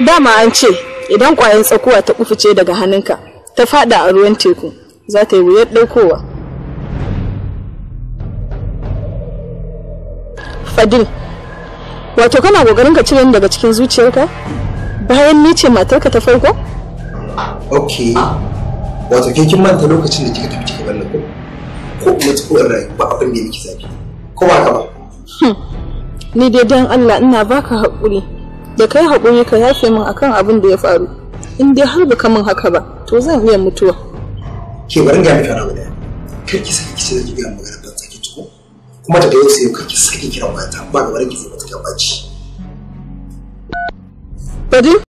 Dama an ce idan ƙwayan tsakuwa ta kufice daga hannunka ta fada a ruwan teku za ta yi wuyar ɗaukowa. Fadil, wato kana gogarin ka cire daga cikin zuciyarka bayan ni ce matarka ta farko? Ok, wato ke kin manta lokacin da kika tafi cikin wannan ko? kuma tsoron rai ba abin da ki zafi, ko ba ka ba? Hmm. ni dai dan Allah ina baka haƙuri da kai haƙuri ka yafe min akan abin da ya faru in dai har baka min haka ba to zan iya mutuwa ke bari ga miki rawa da kai ki saki kici da giga magana ban saki tuko kuma da yau sai kar ki saki kira wata ba ga bari ki zama ta baci Badi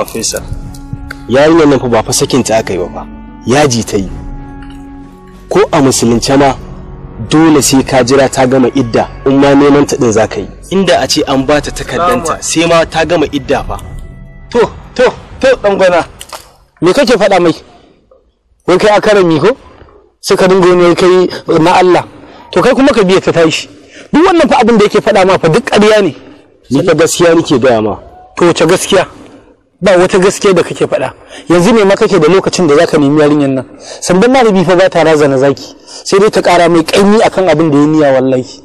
haba Yarinyar nan fa ba fa sakin ta aka yi ba fa. Yaji ta yi. Ko a musulunce ma dole sai ka jira ta gama idda in ma neman ta din zaka yi. Inda a ce an bata takardanta sai ma ta gama idda fa. To, to, to dan gwana. Me kake faɗa mai? Wai kai akarami ko? Suka dinga ne kai na Allah. To kai kuma ka biya ta tashi. Duk wannan fa abin da yake faɗa ma fa duk ƙarya ne. Ni fa gaskiya nake gaya ma. To wace gaskiya? ba wata gaskiya da kake faɗa yanzu ne ma kake da lokacin da zaka nemi yarinyar nan sandan malami fa ba ta razana zaki sai dai ta kara mai ƙaimi akan abin da ya niya wallahi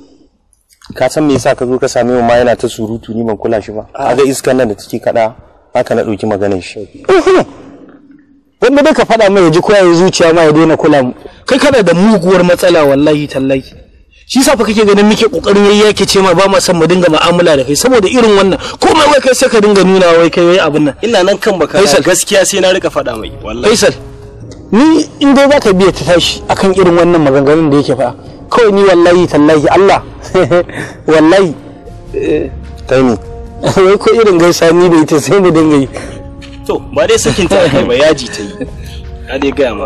ka san me yasa ka zo ka same mu ma yana ta surutu ni ban kula shi ba a ah. ga iskan nan da take kada haka na ɗauki maganar shi wanda dai ka faɗa mai ya ji koya zuciya ma ya daina kula mu kai kana da muguwar matsala wallahi tallahi shi sa fa kake ganin muke kokarin yayya ke ce ma ba ma san mu dinga mu'amala da kai saboda irin wannan komai wai kai sai ka dinga nuna wai kai wai abin nan ina nan kan baka Faisal gaskiya sai na rika faɗa mai wallahi Faisal ni in dai zaka biya ta tashi akan irin wannan maganganun da yake fa kawai ni wallahi tallahi Allah wallahi eh, kai ni wai ko irin gaisa ni da ita sai mu dinga yi to ba dai sakin ta kai ba yaji ta yi na dai gaya ma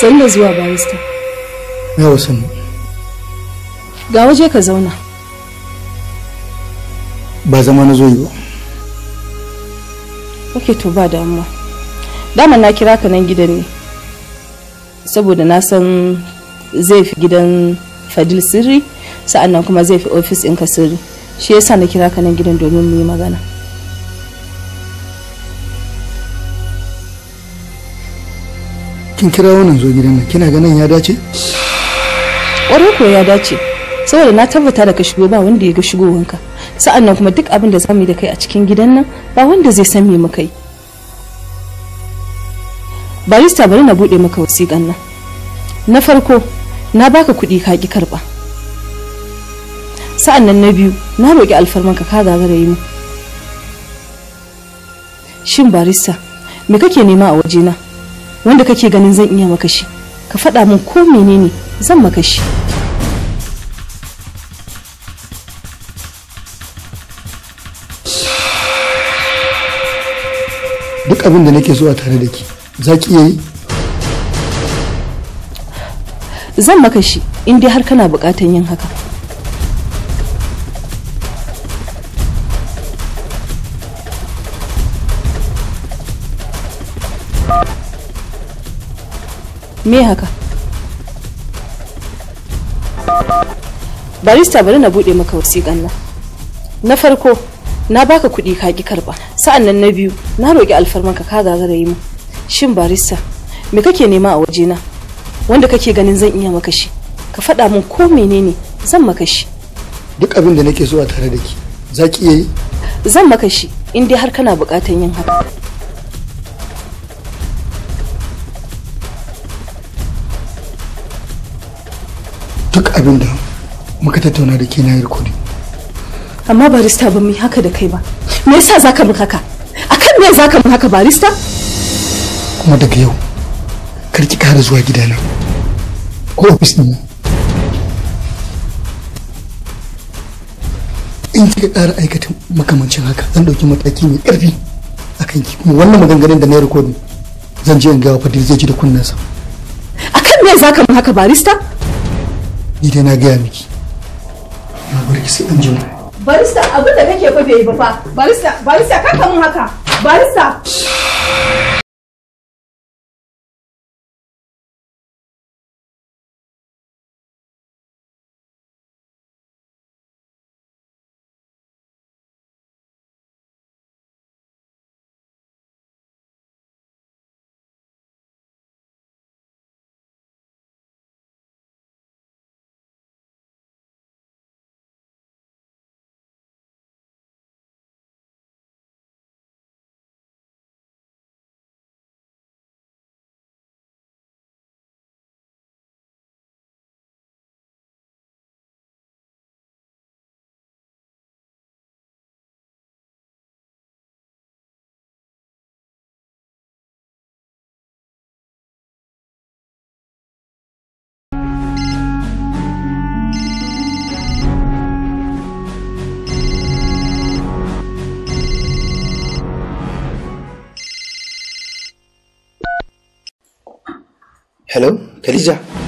sanda zuwa barista yawa sanda ga waje ka zauna ba zama na zo yi ba ok to ba damuwa dama na kira ka nan gidan ne saboda na san zai fi gidan fadil sirri sa'annan kuma zai fi ofis ɗinka sirri shi yasa na kira ka nan gidan domin mu yi magana kin kira wannan zo gidan nan kina ganin ya dace ƙwarai ko ya dace saboda na tabbata da ka shigo ba wanda ya ga shigowanka sa'annan kuma duk abin da za mu yi da kai a cikin gidan nan ba wanda zai san me muka yi barista bari na buɗe maka wasiƙan nan na farko na baka kuɗi ka ƙi karɓa sa'annan na biyu na roƙi alfarmanka ka gagara yi mu shin barista me kake nema a wajena wanda kake ganin zan iya maka ka faɗa min ko menene zan maka duk abin da nake so tare da ke za ki iya yi zan maka in dai har kana bukatan yin haka me haka barista bari na bude maka wasiƙan nan na farko na baka kuɗi ka ki karba sa'annan na biyu na roƙi alfarmanka ka gagara yi mu shin barista me kake nema a waje na wanda kake ganin zan iya maka shi ka faɗa min ko menene zan maka shi duk abin da nake so a tare da ki za ki iya yi zan maka shi in dai har kana buƙatan yin haka abin da muka tattauna da ke na yi rikodi amma barista ba yi haka da kai ba me yasa zaka mun haka akan me zaka mun haka barista kuma daga yau kar ki kara zuwa gidana ko ofis din in kika kara aikata makamancin haka zan dauki mataki mai karfi akan ki kuma wannan maganganun da na yi rikodi zan je in gawa fadil zai ji da kan akan me zaka mun haka barista ni dai na gaya miki na bar ki sai an jima barista abin da kake fa bai yi ba fa barista barista kaka mun haka barista Hello, Khadija.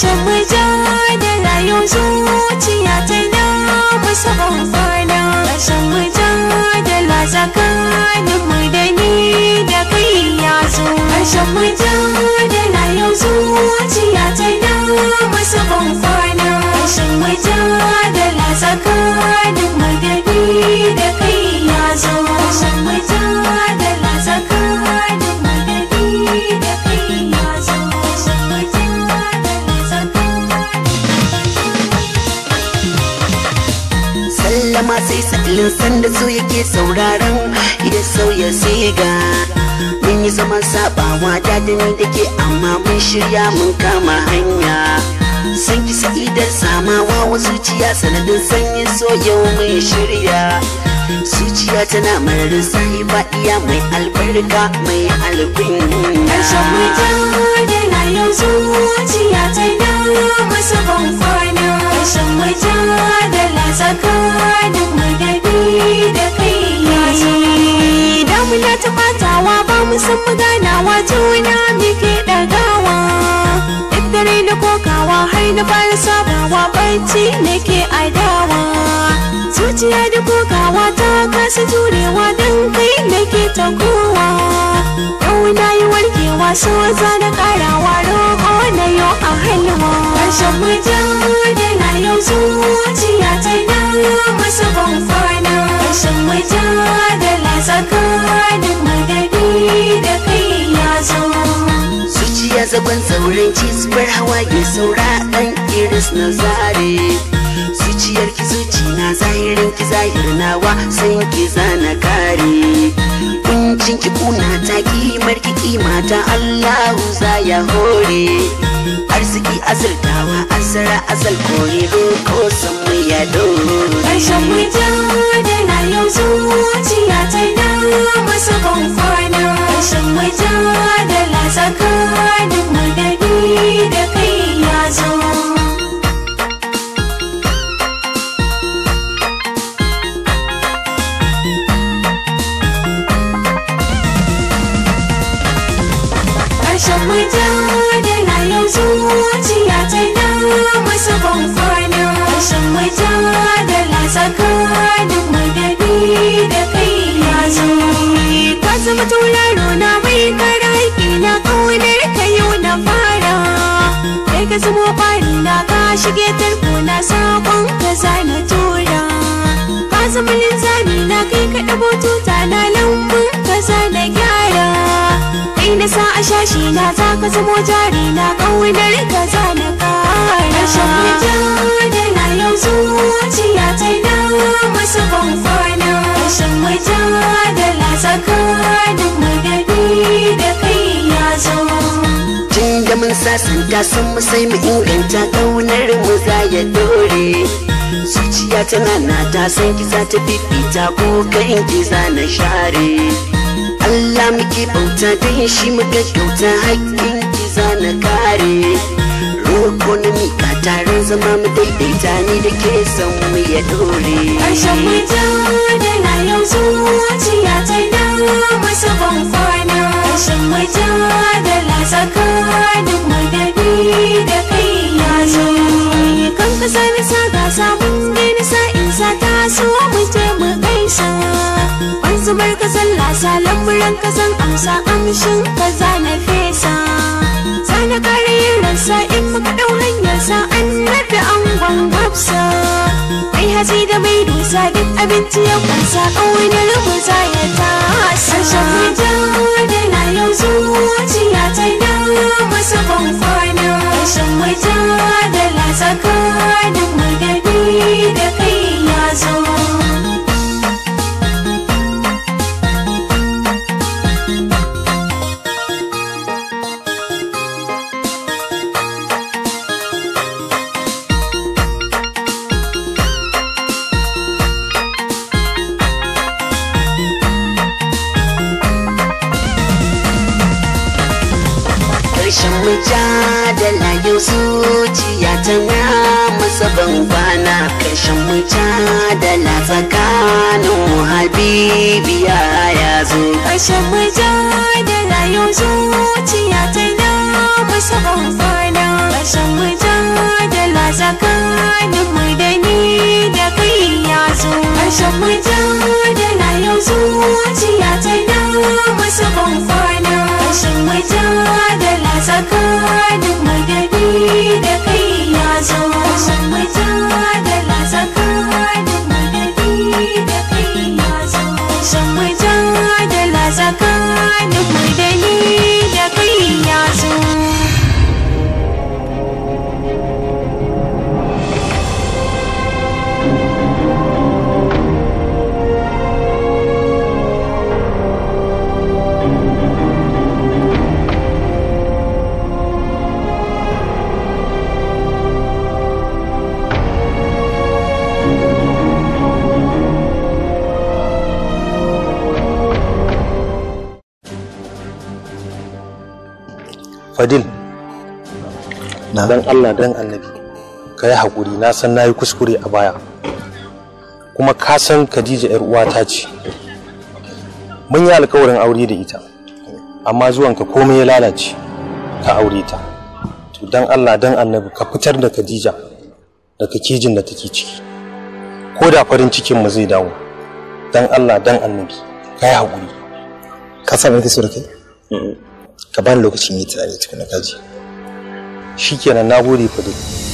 相偎。kullum sanda so yake sauraron ya sauya siga mun yi zama sabawa da da ke amma mun shirya mun kama hanya san ki sa'idar samawa wasu zuciya sanadin sanyin so yau mun shirya zuciya tana marar sahi ba iya mai albarka mai alƙin ƙarshen mutum da na yanzu ta da masa ban kwana ƙarshen da da muna ta fatawa ba mu san mu ganawa juna muke ɗagawa duk dare na kokawa har na fara sabawa barci nake adawa zuciya da kokawa ta kasa jurewa don kai nake tagowa yau na yi warkewa so za na karawa roƙo na yau a halwa ƙarshen mutum yana yau zuciya ta na masa ban shan waje da lasaka duk magani da kai ya zo zuciya zaban saurin cisbar hawa ke saura ɗan iris na zare zuciyar ki zuci na zahirin ki zahir nawa sai ki zana kare kuncin ki kuna ta kimar ki kima ta Allahu za ya hore arziki azaltawa azara azal kore ko san mu ya dore zuciya ta na masu kwankwana shan wajen da lasakanin magana zubo kwari na ka shige tarko na sakon ka zana tura ka zama linzami na kai ka ɗabo tuta na lambun ka zana gyara kai na sa a shashi na za ka zamo jari na ƙaunar ka zana kara da na yau zuciya ta na masu madadi da kai ya zo mun sasanta san mu sai mu inganta ƙaunar mu za ya dore zuciya tana na ta san kisa ta fifita ko kan ki za na share Allah muke bauta don shi muka kyauta hakkin kisa na kare roko na mika taron zama mu daidaita ni da ke san mu ya dore Harshen mai da na yau zuciya ta dama masa ban kwana Harshen mai tsakanin mu da ni da kai ya zo kan ka sani sa gasa mun gani sa in sa ta so mu je mu gaisa ban zubar ka sallah salan muran ka san amsa amshin ka za na fesa sana kare ransa in muka dau hanyar sa annabi an gwangwabsa mai hasi da mai dusa duk abinci ya kwansa ƙaunar mu za ya tasa. Harshen mu da na yau zuwa xưa đây là được người đời đi để khi nhà rồi fadil na dan Allah dan annabi ka yi haƙuri na san na yi kuskure a baya kuma ka san Khadija yar uwata ce mun yi alkawarin aure da ita amma zuwanka komai ya lalace ka aure ta to dan Allah dan annabi ka fitar da Khadija daga kijin da take ciki ko da farin cikin mu zai dawo dan Allah dan annabi ka yi haƙuri ka sami da kai? ka bani lokacin yi tunani tukuna kaji Shi shikenan na gode fa duk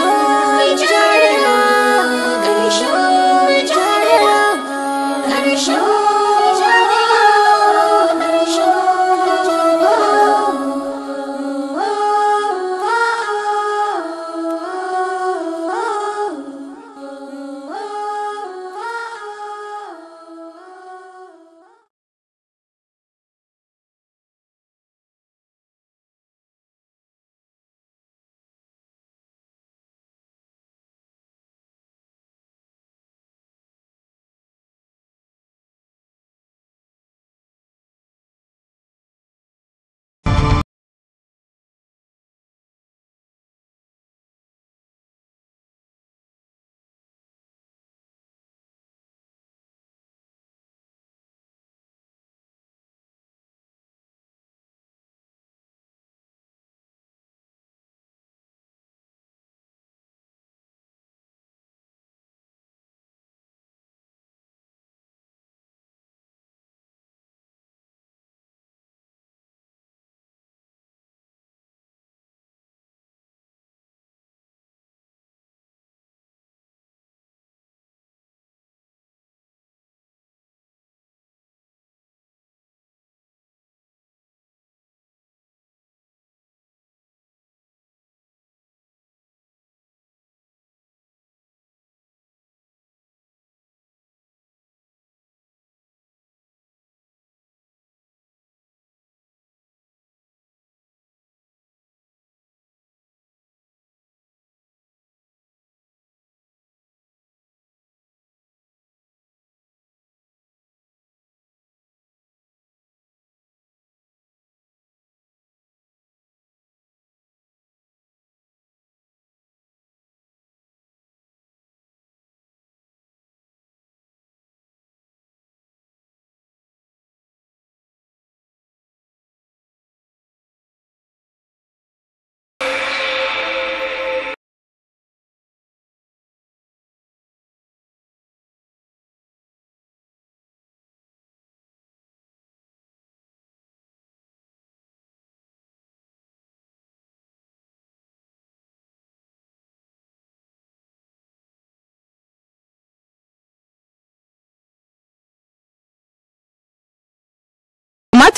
哦。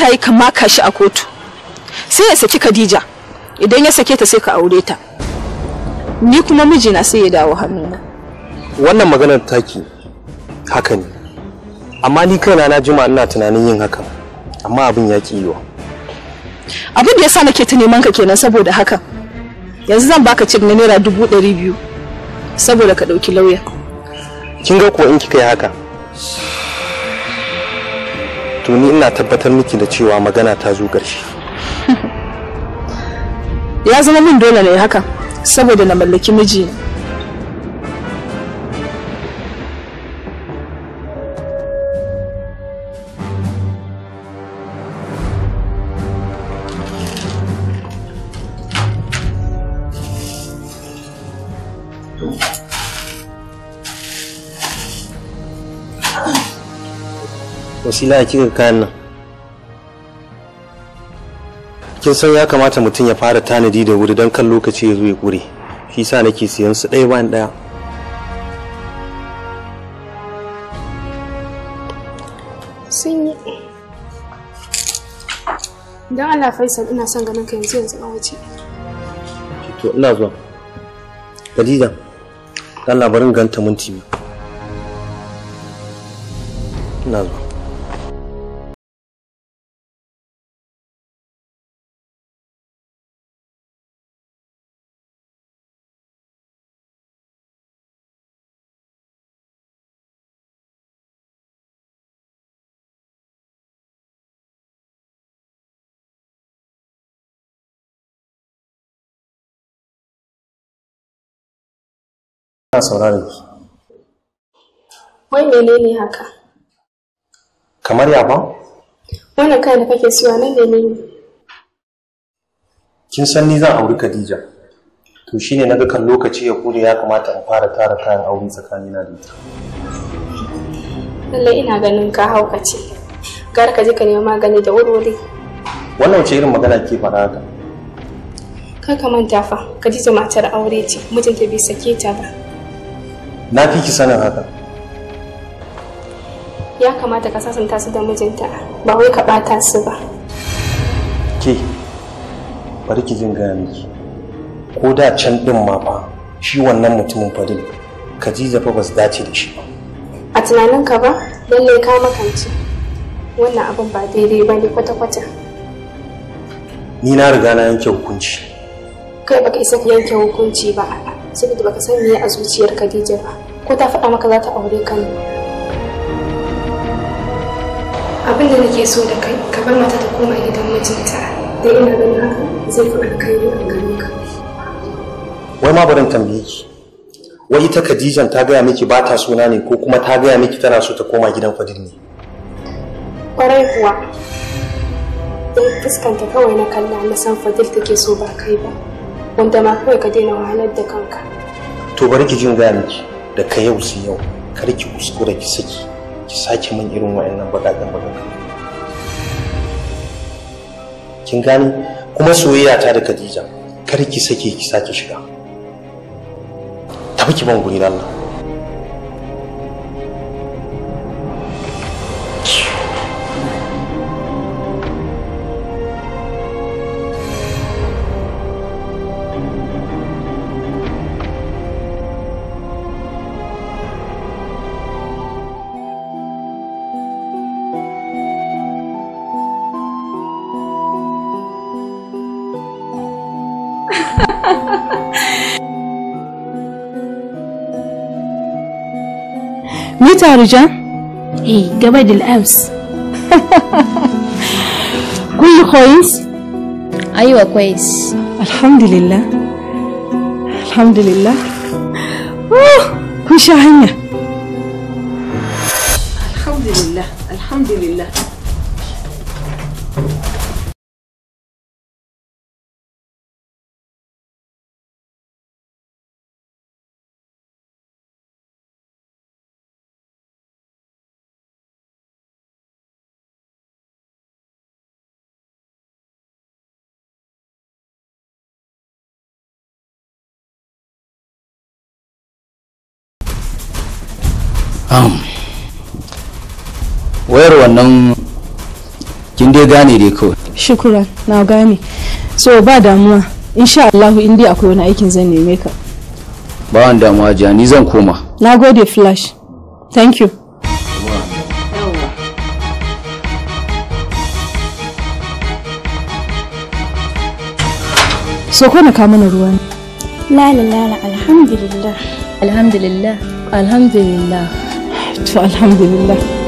ta yi ka shi a kotu sai ya saki Khadija idan ya sake ta sai ka aure ta ni kuma mijina sai ya dawo hannu hannuna wannan maganar taki haka ne amma ni kaina na jima ina tunanin yin hakan amma abin ya ki yiwa abin da yasa nake ta neman ka kenan saboda haka yanzu zan baka cik na naira dubu ɗari biyu saboda ka ɗauki lauya kin ga ko in kika yi haka to ni ina tabbatar miki da cewa magana ta zo ƙarshe ya zama min dole ne haka saboda na mallaki miji wasila cikin kayan nan kin san ya kamata mutum ya fara tanadi da wuri don kan lokaci ya zo ya kure shi sa nake siyan su ɗaya bayan ɗaya sun yi don Allah Faisal ina son ganin ka yanzu yanzu a waje to ina zuwa Khadija Allah labarin ganta minti biyu ina zuwa saurare ki wai menene haka kamar ya ba wannan kai da kake suwa na menene kin san ni zan auri Khadija to shine naga kan lokaci ya kure ya kamata in fara tara kayan aure tsakanina da ita lallai ina ganin ka haukace gara ka je ka nemi magani da wurwuri wannan wace irin magana ke faɗa haka kar ka manta fa Khadija matar aure ce mijinta bai sake ta ba na fi ki sanin haka ya kamata ka sasanta su da mijinta ba wai ka bata su ba ke bari ki jin gaya miki ko da can din ma fa shi wannan mutumin fadil Khadija fa ba su dace da shi ba a tunaninka ba lalle ka makance wannan abin ba daidai ba ne kwata-kwata ni na riga na yanke hukunci kai baka isa ka yanke hukunci ba saboda baka san me a zuciyar Khadija ba ko ta faɗa maka za ta aure ka ne abin da nake so da kai ka bar mata ta koma gidan mijinta da ina ganin haka zai fi alkhairi a gare ka wai ma barin tambaye ki wai ita Khadijan ta gaya miki ba ta suna ne ko kuma ta gaya miki tana so ta koma gidan Fadil ne kwarai kuwa Dai eh, fuskanta kawai na kalla na san Fadil take so ba kai ba wanda ma kawai ka daina wahalar da kanka to bari ki jin gaya miki da ka yau sai yau kar ki kuskura ki saki ki sake min irin wa'annan baƙaƙen baƙaƙen kin gani kuma soyayya ta da Khadija kar ki sake ki sake shiga tafi ki ban guri Allah خارجة؟ إيه قبل الأمس كله كويس؟ أيوة كويس الحمد لله الحمد لله أوه وش هنا gane dai kawai shukuran na gane so ba damuwa insha Allah in dai akwai wani aikin zan neme ka ba wani damuwa jiya ni zan koma na gode flash thank you so ko na kama na ruwa ne. la la alhamdulillah alhamdulillah alhamdulillah to alhamdulillah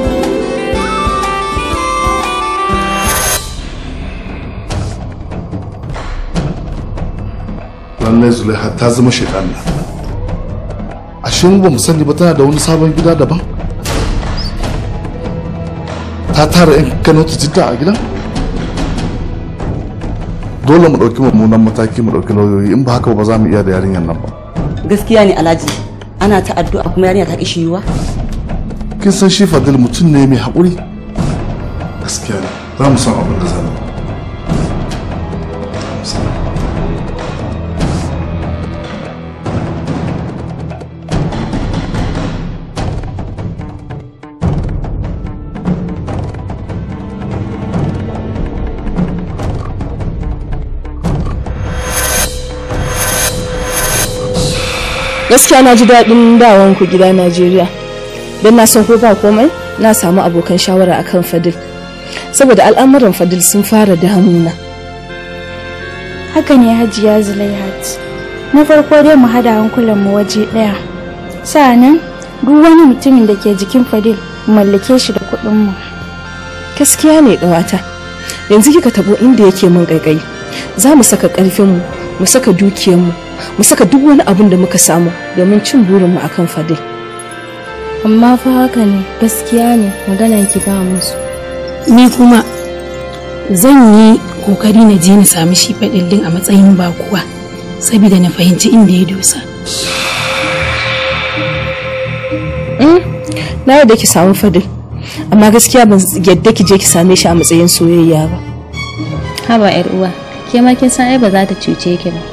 lallai zulaiha ta zama shaidana ashe mu ba mu sani ba tana da wani sabon gida daban ta tara yan kano ta jidda a gidan dole mu ɗauki mummunan mataki mu ɗauki lauyoyi in ba haka ba za mu iya da yarinyar nan ba gaskiya ne alhaji ana ta addu'a kuma yarinya ta kishi yiwa kin san shi fadil mutum ne mai haƙuri gaskiya ne za mu san abin da za gaskiya na ji daɗin ku gida najeriya don na san ko ba komai na samu abokan shawara a kan fadil saboda al'amuran fadil sun fara damuna haka ne hajiya zulaihat na farko dai mu hada hankulan mu waje ɗaya sa'anan duk wani mutumin da ke jikin fadil mallake shi da mu gaskiya ne ƙawata yanzu kika tabo inda yake min ƙaiƙayi za mu saka ƙarfinmu mu saka dukiyarmu mu saka duk wani abin da muka samu domin cin burinmu akan fadil amma fa haka ne gaskiya ne maganan ki ba musu ni kuma zan yi kokari na je na sami shi fadil din a matsayin bakuwa saboda na fahimci inda ya dosa mm, na yadda ki samu fadil amma gaskiya ban yadda ki je ki same shi a matsayin soyayya ba haba yar uwa ke ma kin san ai ba za ta cuce ki ba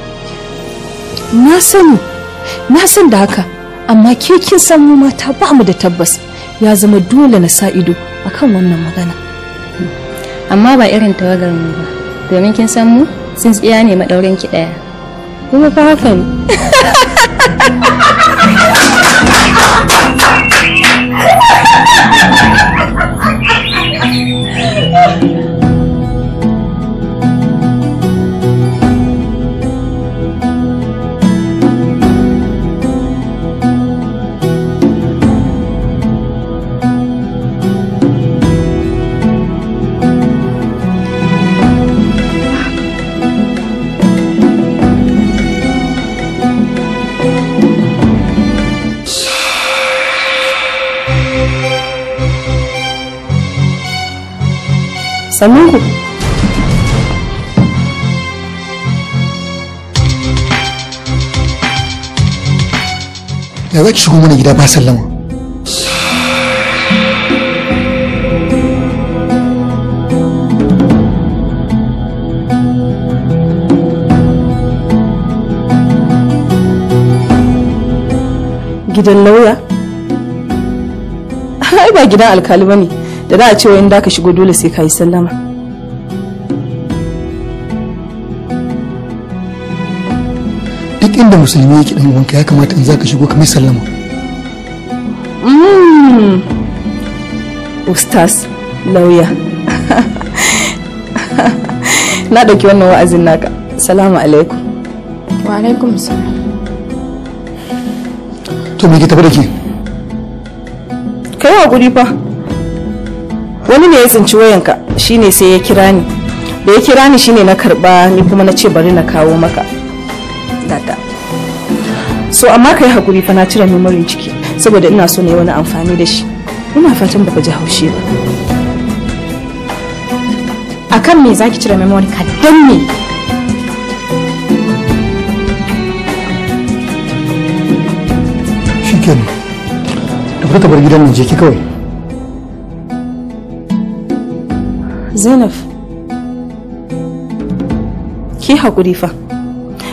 na sani na san da haka amma ke kin san mu mata ba mu da tabbas ya zama dole na sa ido akan wannan magana amma ba irin tawagar mu ba domin kin san mu sun tsiya ne madaurin ki daya kuma fa ne. سموه ya za ki shigo mana gida ba sallama gidan lauya ai ba gidan alkali ba ne da za a cewa in da ka shigo dole sai ka yi sallama duk inda musulmi yake dan uwanka ya kamata in za ka shigo ka mai sallama mm. ustaz lauya na ɗauki wannan wa'azin naka salamu alaikum wa alaikum salam to me ke tafi da ke kai wa guri fa wani ne ya zanci wayanka shine sai ya kira ni da ya kira ni shine na karba ni kuma na ce bari na kawo maka data so amma kai hakuri fa na cire memorin ciki saboda ina so na wani amfani da shi ina fatan ba ji haushi ba akan me zaki cire memory ka dan me shikenan da ta bar gidan nan je ki kawai zainab ki haƙuri fa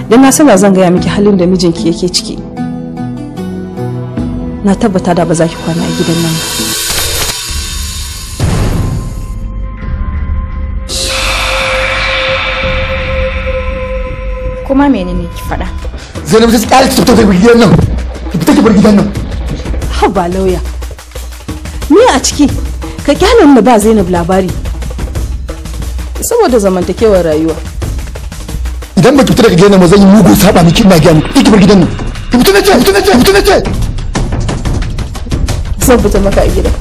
don na saba zan gaya miki halin da mijinki yake ciki na tabbata da ba za ki kwana a gidan nan ba kuma menene ki faɗa zainab ta tsaya ki fita ki gidan nan ki fita ki bar gidan nan ha ba lauya ni a ciki ka kyale da ba zainab labari saboda zamantakewar rayuwa idan ba ki fita daga gidan nan zan yi mugun saba miki ina gaya miki ki bar gidan nan ki fita na ce fita na ce fita na ce zan fita maka a gidan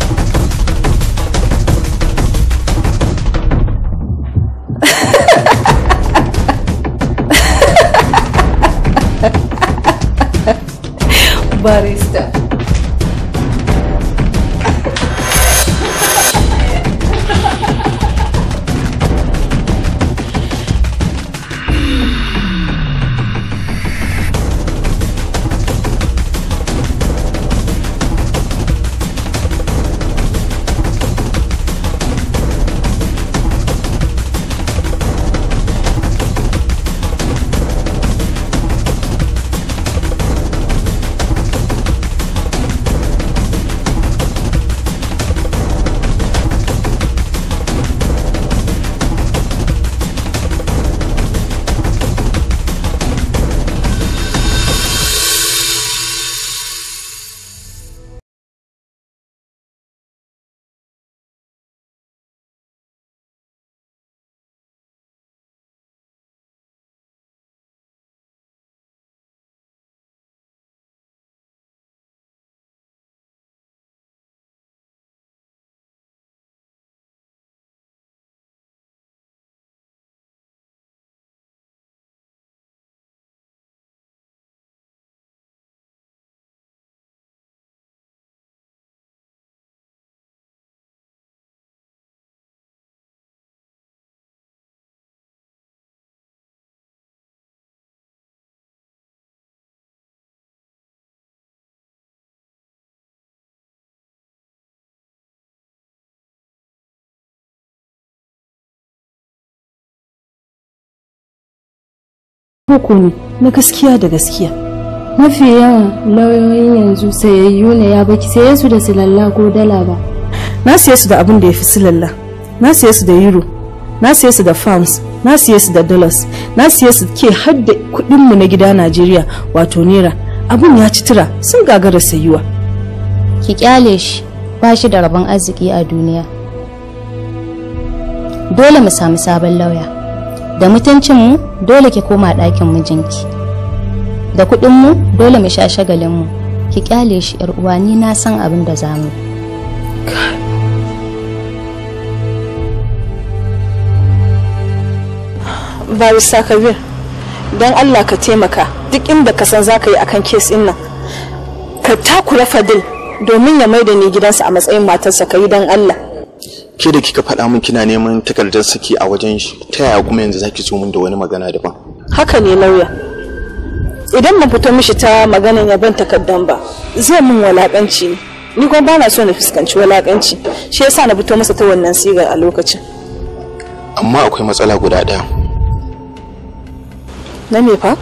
Koko ne na gaskiya da gaskiya. Mafi yawan lauyoyin yanzu sayayyu ne ya baki saye su da silalla ko dala ba. Na siye su da abin da ya fi silalla. Na siye su da euro. Na siye su da farms. Na siye su da dollars. Na siye su ke har da kuɗinmu na gida Najeriya wato naira. Abin ya ci tura sun gagara sayuwa. Ki kyale shi ba shi da rabon arziki a duniya. Dole mu sami sabon lauya. da mutuncinmu dole ki koma ɗakin mijinki da kuɗinmu dole mu sha shagalinmu ki kyale shi uwa ni na san abin da za mu don allah ka taimaka duk inda ka san zaka yi akan kes ɗin nan ka takura fadil domin ya maida ni gidansa a matsayin matarsa ka yi don allah ke da kika faɗa min kina neman takardar saki a wajen shi ta yaya kuma yanzu zaki zo min da wani magana daban haka ne lauya idan mun fito mishi ta magana ya ban takardar ba zai min walakanci ne ni kuma bana so na fuskanci walakanci shi yasa na fito masa ta wannan siga a lokacin amma akwai matsala guda ɗaya na me fa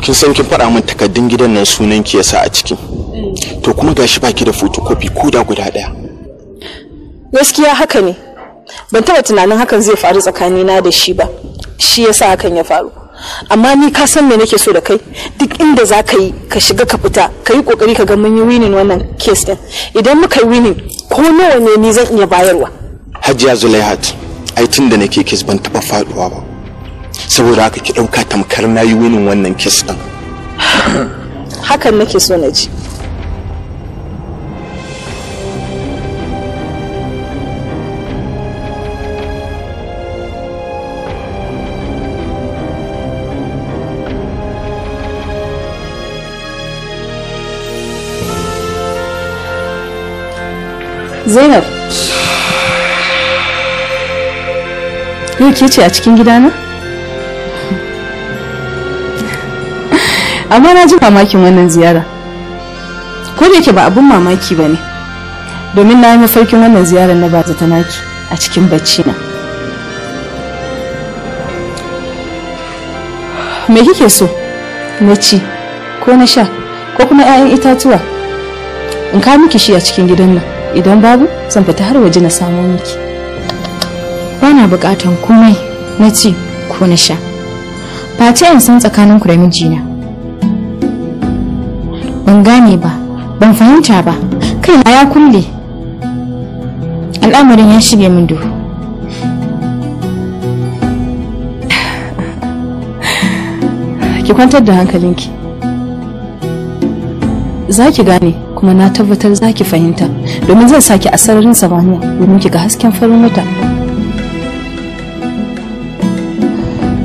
kin san kin faɗa min takardun gidan nan sunan ki yasa a ciki mm. to kuma gashi baki da fotokofi ko guda ɗaya gaskiya haka ne ban taɓa tunanin hakan zai faru tsakanina da shi ba shi yasa hakan ya faru amma ni ka san me nake so da kai duk inda za ka yi ka shiga ka fita ka yi kokari ka ga mun yi winning wannan case din idan muka yi winning ko nawa ne ni zan iya bayarwa hajiya zulaihat ai tun da nake case ban taba faduwa ba saboda haka ki dauka tamkar na yi winning wannan case din hakan nake so na ji Zainab. Yau ke ce a cikin gidana? Amma na ji mamakin wannan ziyara. Ko da ke ba abun mamaki ba ne. Domin na yi mafarkin wannan ziyarar na ba ta naki a cikin bacci na. Me kike so? Na ci ko na sha ko kuma 'ya'yan itatuwa? In ka miki shi a cikin gidan nan. idan babu zan fita har waje na samo miki bana bukatan komai na ci ko na sha face in san tsakaninku da mijina ban gane ba ban fahimta ba kai ya kulle al'amarin ya shige min duhu ki kwantar da hankalinki za ki gane kuma na tabbatar za ki fahimta domin zan saki a sararin samaniya domin ki ga hasken farin wata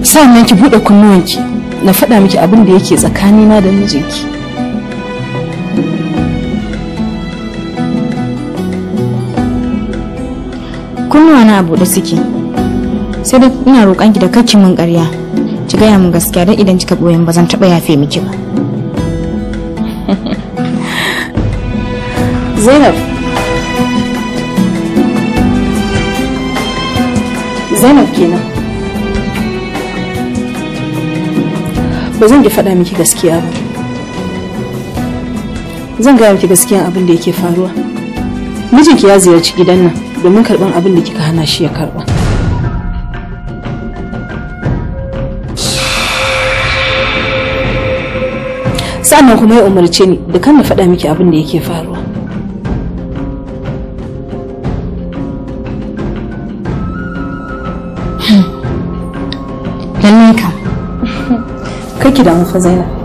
sannan ki buɗe kunnuwanki na faɗa miki abin da yake tsakanina da mijinki na a buɗe suke sai da ina ki da kacci mun ƙarya ki gaya mun gaskiya don idan kika ɓoyen ba zan taɓa yafe miki ba Zainab. Zainab kenan. Ba zan ميكي faɗa miki gaskiya ba. Zan gaya miki gaskiyan abin da yake faruwa. Mijinki ya ziyarci gidan nan domin karɓan abin da kika hana shi ya karɓa. sa'annan kuma ya umarce ni da kan na faɗa miki abin da yake faruwa queria uma fazenda.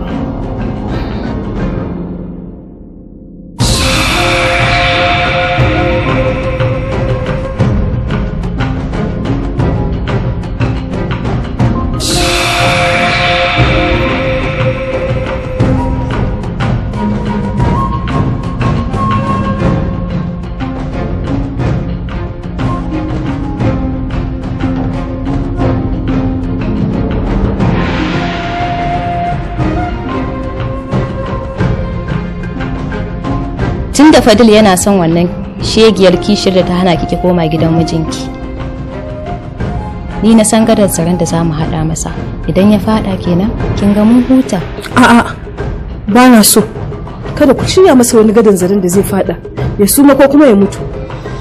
tunda fadil yana son wannan shegiyar kishir da ta hana kike koma gidan mijinki ni na san gadar tsaron da zamu haɗa masa idan ya faɗa kenan kin ga mun huta a'a ba na so kada ku shirya masa wani gadon zaren da zai faɗa ya suma ko kuma ya mutu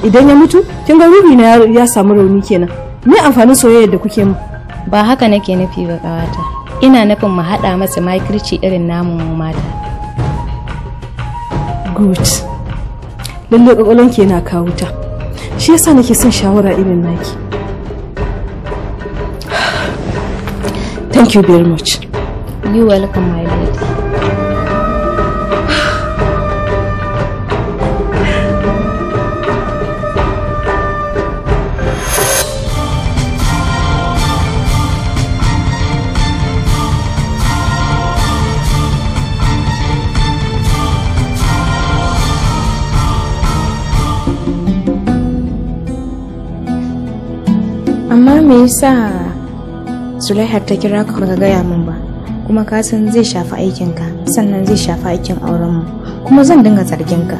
idan ya mutu kin ga ruhi na ya samu rauni kenan me amfanin soyayyar da kuke mu ba haka nake nufi ba kawata ina nufin mu haɗa masa makirci irin namu mata good lalle ƙwaƙwalon ke yana kawo wuta shi yasa nake son shawara irin naki thank you very much you welcome my lady me yasa Zulaiha ta kira ka baka gaya min ba kuma ka san zai shafi aikinka sannan zai shafi aikin aurenmu kuma zan dinga zargin ka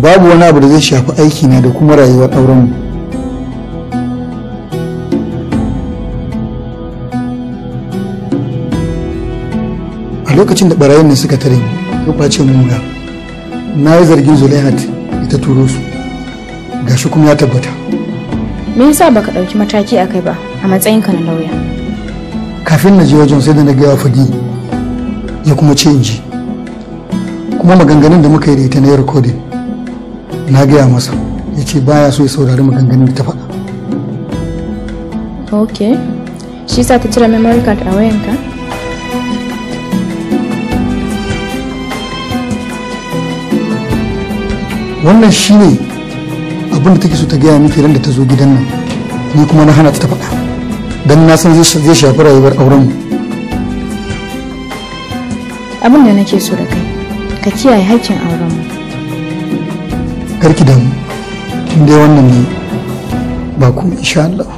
babu wani abu da zai shafi aikina da kuma rayuwar aurenmu lokacin da barayin nan suka tare ko kwace ga na yi zargin zulaihat ita turo su gashi kuma ya tabbata me yasa baka ɗauki mataki a kai ba a matsayin na lauya kafin na je wajen sai da na gaya fadi ya kuma ce in kuma maganganun da muka yi da ita na rikodin na gaya masa ya ce baya so ya saurari maganganun da ta faɗa ok shi sa ta cire memory card a wayanka wannan shi ne abin da take so ta gaya miki ran da ta zo gidan nan ni kuma na hana ta faɗa dan na san zai shafi rayuwar auren mu abin da nake so da kai ka kiyaye haƙƙin auren mu karki mu tun dai wannan ne ba ku insha Allah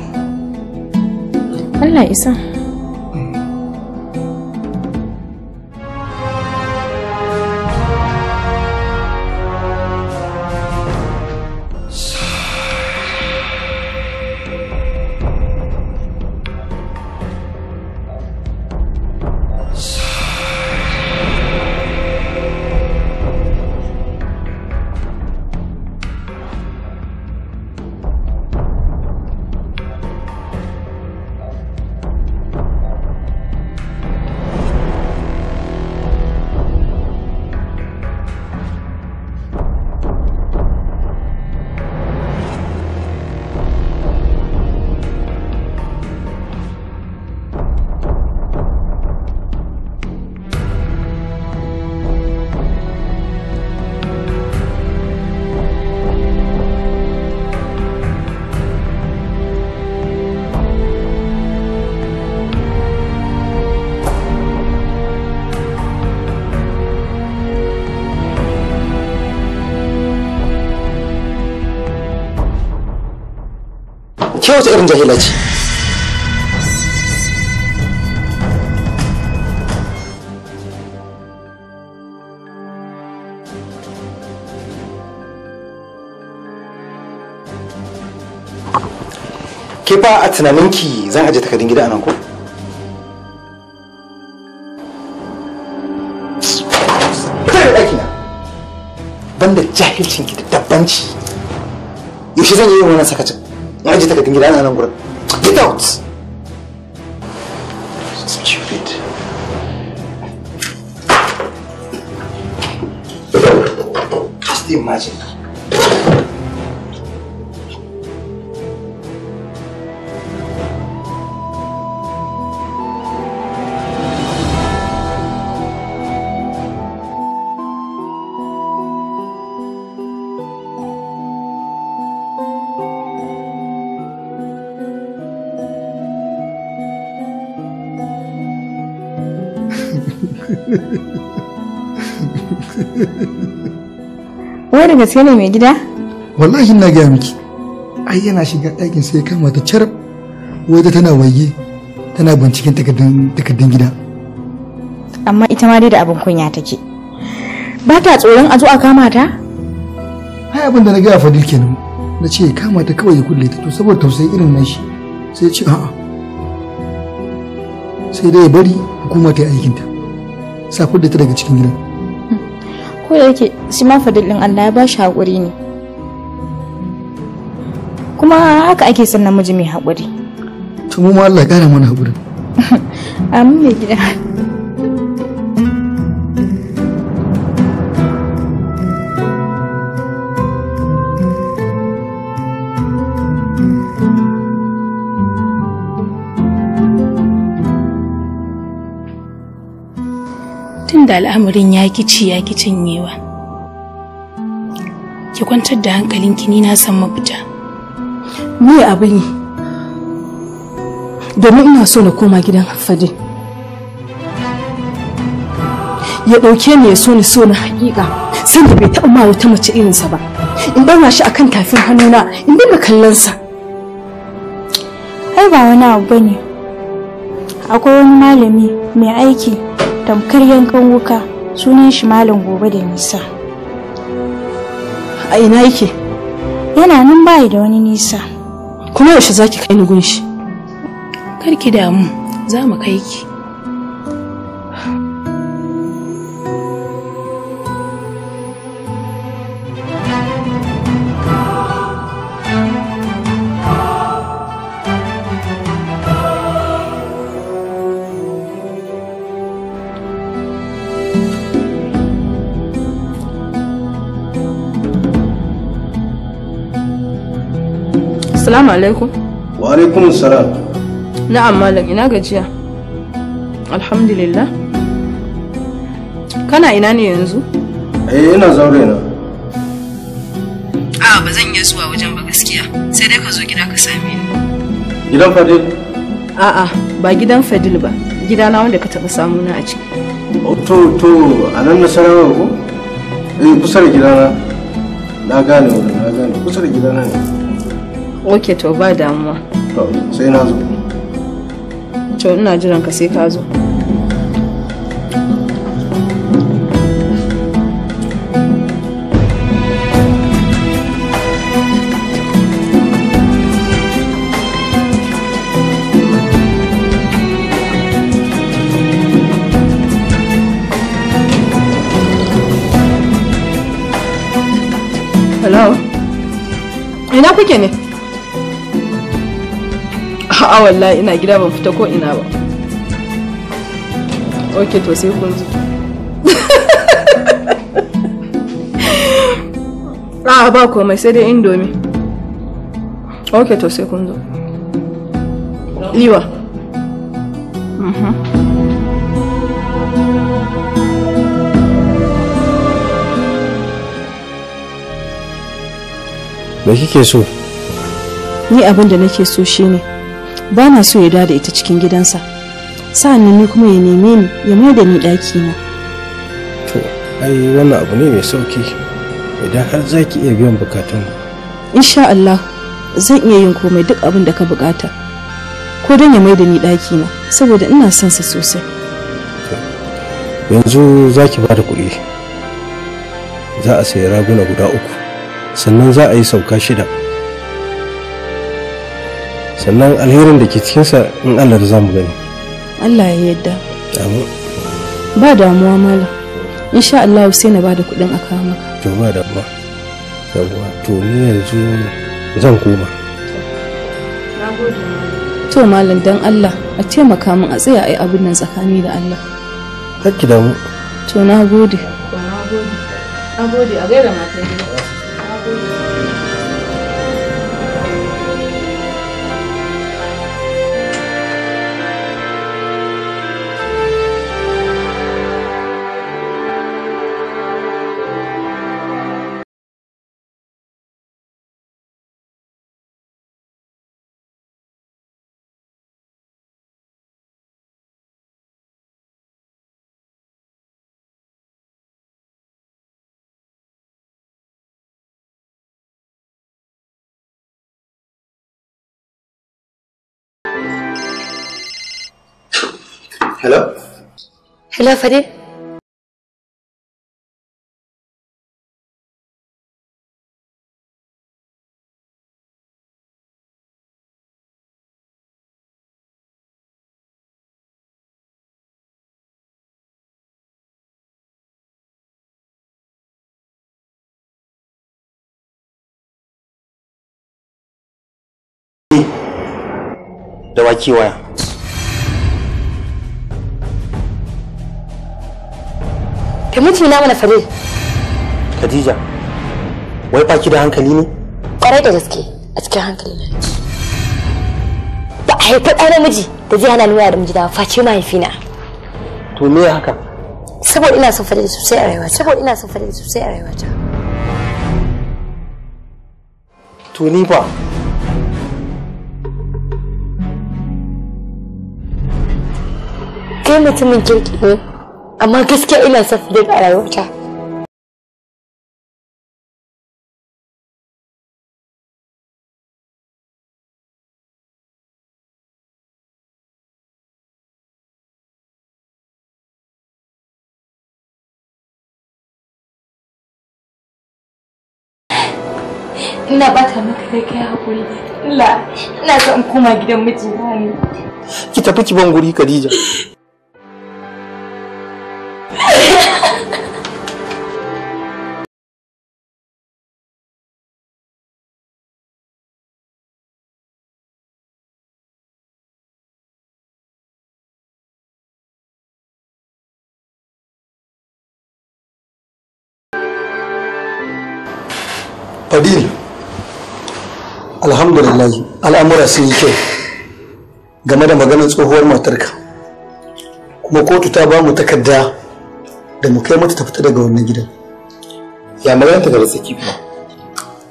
Allah isa wace irin jahila ce ke ba a tunaninki zan aje takardun gida nan ko banda jahilcin ki da dabbanci yaushe zan yi wannan sakacin Ngaji tak ketinggalan anak gue. Get out. Stupid. Just imagine. wai da gaske ne mai gida wallahi na gaya miki ai yana shiga ɗakin sai kama ta carab wai ta tana waye tana binciken takardun gida amma ita ma dai da abin kunya take ba ta tsoron a zo a kama ta hai abin da na gaya fadil kenan na ce kama ta kawai ya kulle ta to saboda tausayi irin shi sai ce a'a sai dai ya bari hukuma ta yi aikinta safar da ta daga cikin gidan ko da yake shi ma fadil din Allah ya bashi haƙuri ne kuma haka ake son namiji mai haƙuri to mu ma Allah ya ƙara mana haƙuri amin ne gida da al'amarin ya kici ya cinyewa ki kwantar da hankalinki ni na san mafita me abin yi domin ina so na koma gidan hafadin ya ɗauke ni ya so ni so na haƙiƙa sanda bai taɓa ma wata mace irinsa ba in ɗaura shi akan tafin hannuna in dinga kallonsa ai ba wani abu bane akwai wani malami mai aiki tamkar yankan wuka sunan shi malam gobe da nisa a ina yake yana nan bayi da wani nisa kuma yaushe zaki kai ni gunshi ki damu za mu kai ki Assalamu alaikum. Wa alaikum salam. Na'am malam ina gajiya. Alhamdulillah. Kana ina ne yanzu? Eh ina zaure na. A ba zan iya zuwa wajen ba gaskiya. Sai dai ka zo gida ka same ni. Gidan Fadil? A'a ba gidan Fadil ba. na wanda ka taba samu na a ciki. Oh, to to anan na sarawa ko? Eh kusa da gidana. Na gane wannan, na gane kusa da gidana ne. ok to ba damuwa to sai na zo to ina jiran ka sai ka zo Hello? Ina kuke ne? Ah, wallahi ina gida ban fita ko ina ba ok to sai kun zo a'a ah, ba komai sai dai indomi ok to sai kun zo liwa mhm. Me kike so? Ni abin da nake so shine ba na so ya dada ita cikin gidansa sa'annan ni kuma ya neme ni ya mai da ni ɗaki na to ai wannan abu ne mai sauki idan har za ki iya biyan bukatun insha Allah zan iya yin komai duk abin da ka bukata ko don ya mai da ni ɗaki na saboda ina son sa sosai yanzu za ki ba da kuɗi za a sayi raguna guda uku sannan za a yi sauka shida sannan alherin da ke cikinsa in allah da za mu gani allah ya yadda ba damuwa malam insha allah sai na ba da kuɗin a kama. maka to ba damuwa yawwa to ni yanzu zan koma to malam dan allah a taimaka min a tsaya a yi abin nan tsakani da allah hakki damu to na gode to na gode na a gaira matan gida Hello? Hello, Fadil? da wake waya. Ki mutu na mana fare. Khadija, wai ba ki da hankali ne? Kwarai da gaske a cikin hankali na ci. Ba a haifa ɗan namiji da zai hana nuna da miji da face mahaifina. To me haka? Saboda ina son fare sosai a rayuwata. Saboda ina son fare sosai a rayuwata. To ni ba. Kai mutumin kirki ne. amma gaskiya ina son Philip a rayuwata ina ba ta maka kai kai hakuri ina ina son koma gidan mijina ne ki tafi ki ban guri Khadija fadil alhamdulillah al'amura sun yi kyau game da maganar tsohuwar matarka kuma kotu ta bamu takarda da mu kai mata ta fita daga wannan gidan ya magana ta da tsaki kuma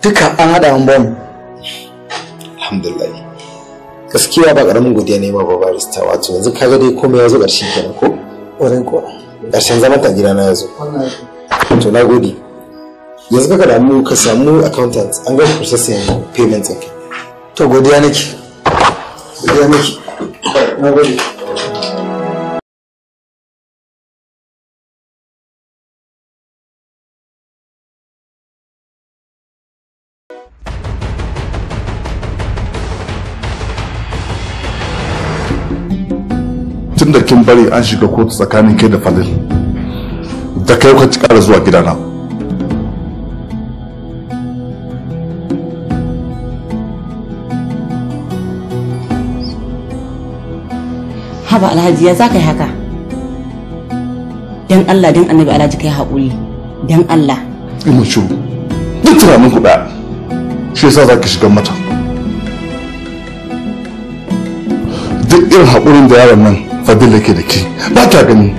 duka an hada an bamu alhamdulillah gaskiya ba karamin godiya ne ma ba barista wato yanzu ka ga dai komai ya zo ƙarshen kenan ko ƙwarin ko ƙarshen zaman ta gidana ya zo to na gode yanzu kaka damu ka samu accountant an ga processing payment ɗinka to godiya nake godiya nake na gode tun da kin bari an shiga kotu tsakanin kai da falil da kai ka ci kara zuwa gidana haba alhaji ya za ka yi haka dan Allah dan annabi alhaji kai haƙuri dan Allah mu shi duk tunanin mun kuɗa shi yasa za ki shiga mata duk irin haƙurin da yaron nan fadil yake da ke ba ta gani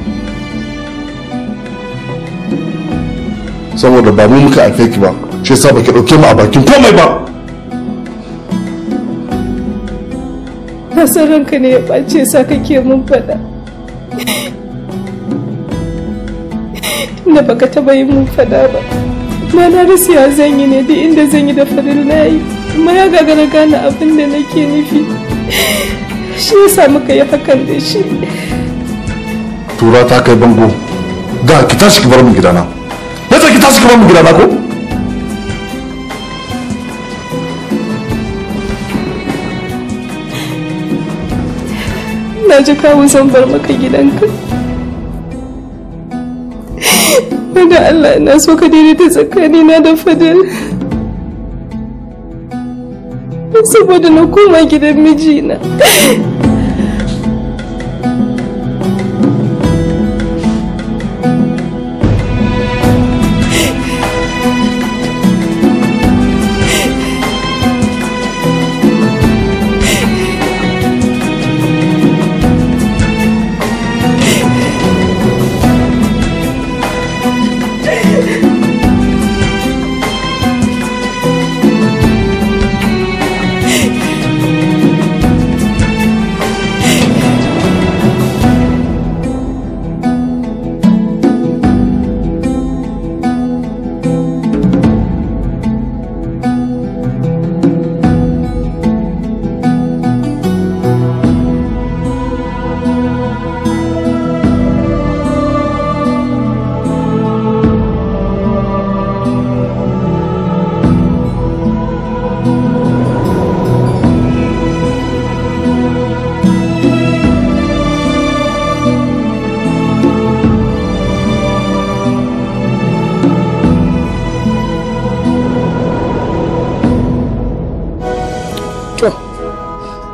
saboda ba mu muka aike ki ba shi yasa ba ki ɗauke mu a bakin komai ba na san ranka ne ya ɓace sa kake mun faɗa inda baka taɓa yi mun faɗa ba na na rasa ya zan yi ne duk inda zan yi da fadil na yi amma ya gagara gane abin da nake nufi shi sa muka yi hakan da shi tura ta kai bango ga ki tashi ki bar mu gidana yadda ki tashi ki bar mu gidana ko na ji kawo zan bar maka gidanka wanda allah na so ka tsakani na da fadil saboda na koma gidan mijina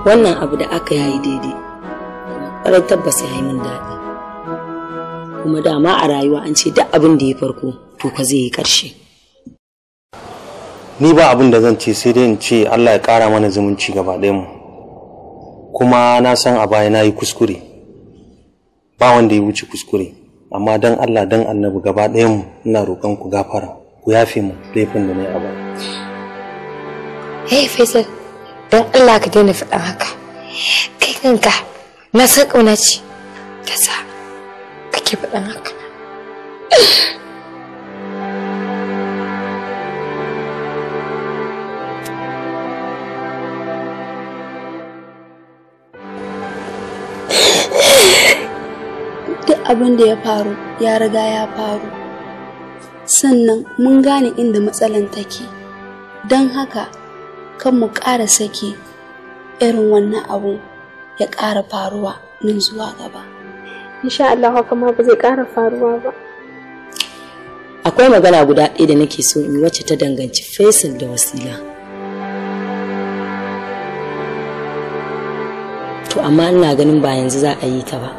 wannan abu da aka yayi daidai ƙwarai tabbas ya yi min daɗi kuma dama a rayuwa an ce duk abin da ya farko to ka zai yi ƙarshe ni ba abin da zan ce sai dai in ce Allah ya ƙara mana zumunci gaba ɗayan mu kuma na san a baya na yi kuskure ba wanda ya wuce kuskure amma dan Allah dan annabi gaba ɗayan mu ina roƙon ku gafara ku yafe mu laifin da na yi a baya hey Faisal don Allah ka daina faɗan haka kai kanka na san ƙauna ce ta sa kake faɗan haka duk abin da ya faru ya riga ya faru sannan mun gane inda matsalan take don haka kan mu ƙara saki irin wannan abu ya ƙara faruwa nan zuwa gaba insha Allah haka ma ba zai ƙara faruwa ba akwai magana guda ɗaya da nake so in wacce ta danganci Faisal da wasila to amma ina ganin ba yanzu za a yi ta ba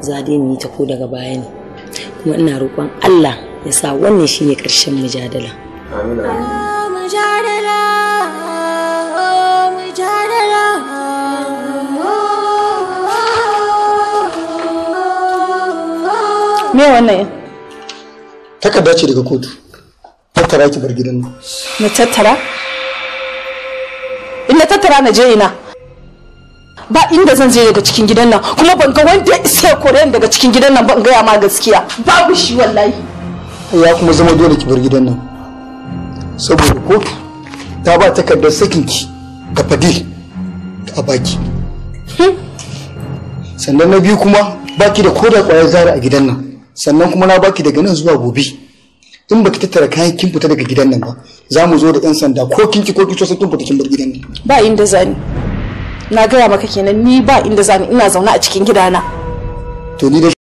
za dai mu yi ta ko daga baya ne kuma ina roƙon Allah ya sa wannan shine ƙarshen mujadala amin mujadala Me wannan Takarda ce daga kotu. Tattara ki bar gidan nan. Na tattara? In na tattara na je ina. Ba inda zan je daga cikin gidan nan kuma ban ga wanda ya isa koren daga cikin gidan nan ban gaya ma gaskiya. Babu shi wallahi. Ya kuma zama dole ki bar gidan nan. Saboda kotu ta ba takardar sakinki ka fade a baki sannan na biyu kuma baki da koda kwayar zara a gidan nan sannan kuma na baki daga nan zuwa gobe in baki tattara kayan kin fita daga gidan nan ba za mu zo da yan sanda ko kin ki ko kin so kin fita kin bar gidan nan ba inda zani na gaya maka kenan ni ba inda zani ina zaune a cikin gidana to ni da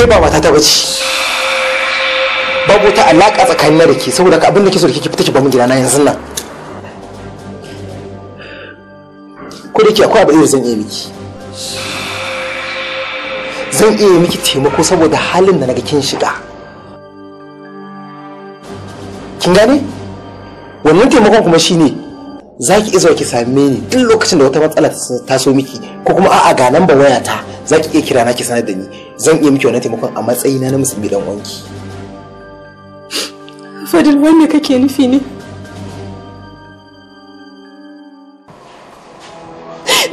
ke ba mata ta bace babu wata alaka tsakanin na da ke saboda ka abin da ke so da ke fita ki ba mun gidana yanzu nan ko da ke akwai da zan iya miki zan iya miki taimako saboda halin da naga kin shiga kin gane wannan taimakon kuma shine za ki izuwa ki same ni duk lokacin da wata matsala ta so miki ko kuma a'a ga nan ba wayata za ki iya kira na ki sanar da ni zan iya miki wannan taimakon a matsayina na musulmi dan uwanki fadil wanne kake nufi ne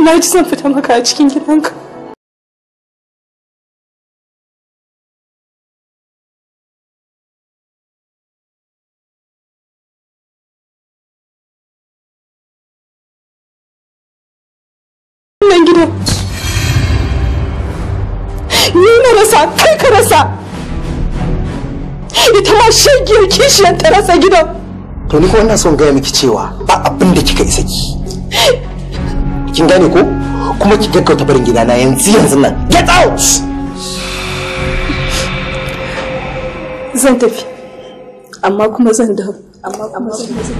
na ji zan fita maka a cikin gidanka kishiyar ta rasa gidan to ni ko wannan son gaya miki cewa ba abin da kika isa ki kin gane ko kuma ki gaggauta barin gidana yanzu yanzu nan get out zan tafi amma kuma zan dawo amma kuma zan dawo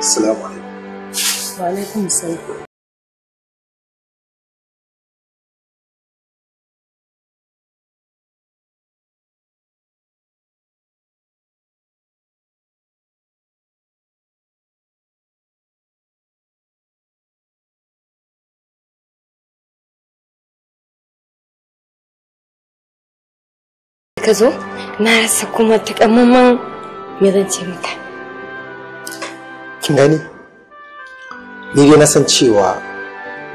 Assalamu alaikum. Wa alaikum salam. ka zo na rasa kuma takamaiman me zan ce kin gane ni dai na san cewa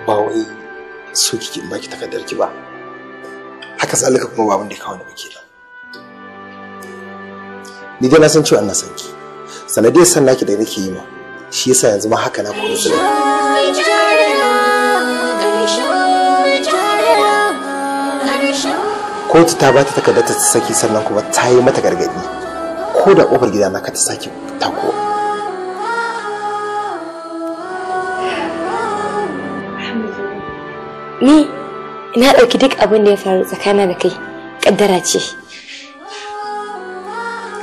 ba wai so kike in baki takardar ki ba haka tsallaka kuma babun da ya kawo ni baki da ni dai na san cewa ina san ki sanadiyar san naki da nake yi ma shi yasa yanzu ma haka na koyi zuwa kotu ta bata takardar ta saki sannan kuma ta yi mata gargadi ko da ƙofar gidana ka ta saki tako ni na ɗauki duk abin da ya faru tsakana da kai ƙaddara ce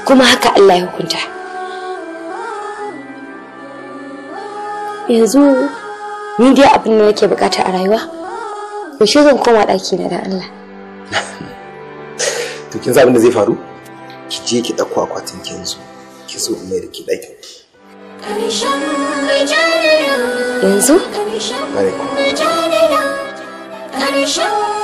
kuma haka Allah ya hukunta yanzu ni dai abin da nake bukata a rayuwa yaushe zan koma ɗaki na da Allah to kin san abin da zai faru ki je ki ɗauko akwatin ki yanzu ki zo mai da ki yanzu? أنشود